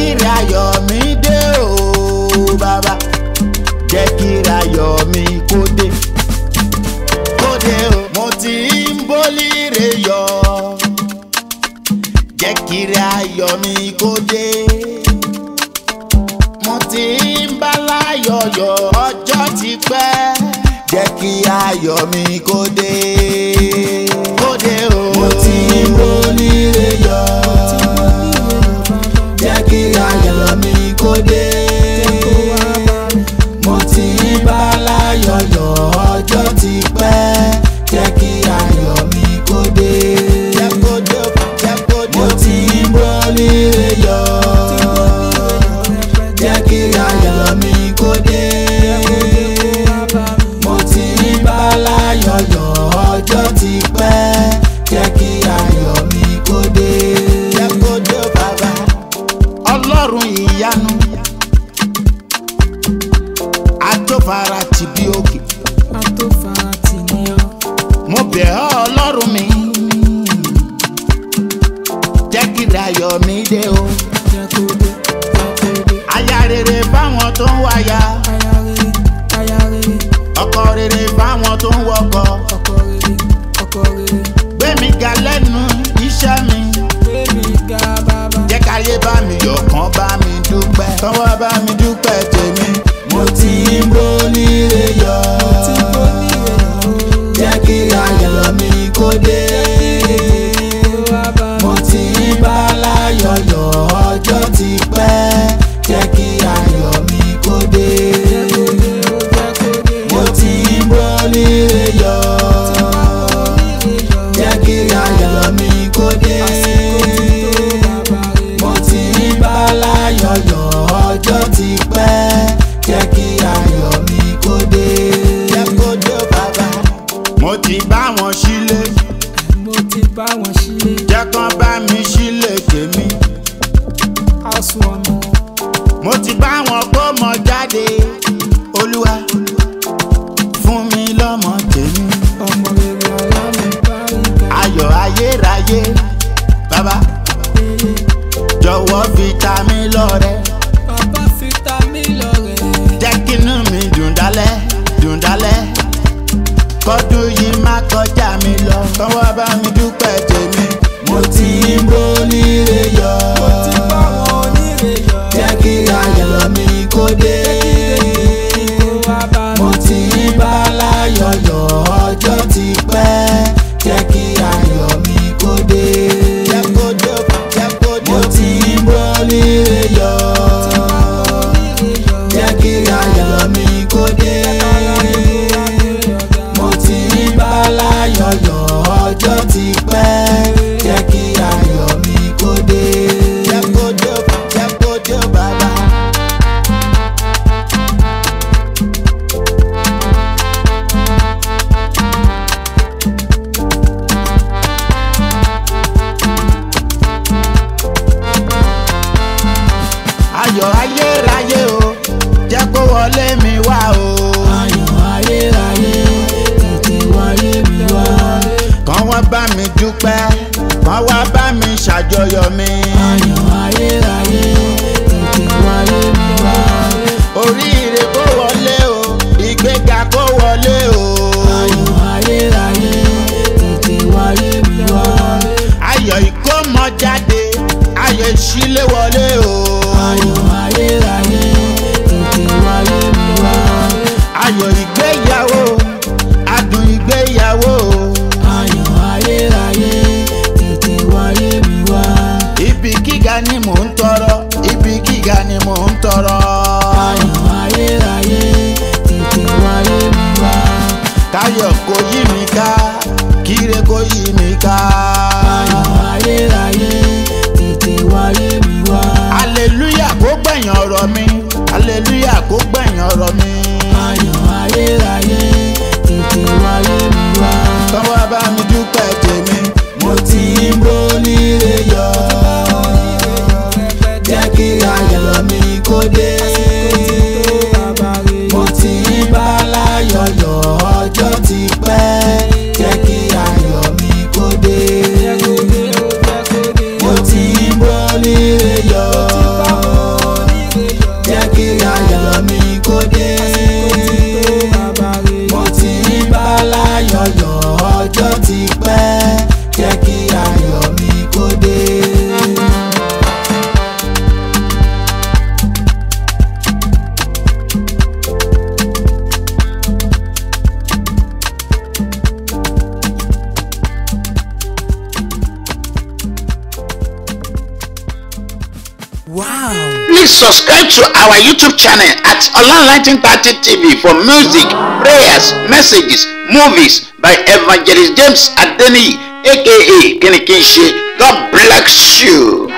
kí ayọ̀ mi dé o bàbá jẹ́ kí ayọ̀ mi kó dé kó dé o mo ti ń bólí re yọ jẹ́ kí ayọ̀ mi kó dé mo ti ń bá láyọ̀ yọ ọjọ́ ti pẹ́ jẹ́ kí ayọ̀ mi kó dé kó dé o. kode fara ti bí òkè. a tó fara ti ní ọ. mo bẹ̀ ọ́ ọlọ́run mi jẹ́ kí dayọ̀ mi dé o. jẹ́ aya rere fáwọn tó ń wáya. ọkọ rere fáwọn tó ń wọkọ. gbẹ̀mí ga lẹ́nu iṣẹ́ mi. jẹ́ káyé bá mi yọ̀ kán bá mi dúpẹ́. kán bá mi sílé. mo ti bá wọn sílé. jẹ́ kán bá mi sílé tèmi. a sùn mo ti bá wọn kó mọ jáde olúwa. olúwa. dúpẹ́ wọ́n wá bá mi ṣàjọyọ̀ mi. oríire kó wọlé o ìgbéga kó wọlé o. ayọ̀ ayérayé tètè ayọ̀ ìṣílẹ̀ wọlé o. ayọ̀ kò yí mi ká kíre kò yí mi ká. ayọ̀ ayérayé tètè wáyé mi wá. hallelujah kó gbẹ̀yìn ọ̀rọ̀ mi. Wow. Please subscribe to our YouTube channel at Olanilantin30 TV for music, prayers, messages, movies by Evangelist James Adeniyi aka Kinikinse. God bless you.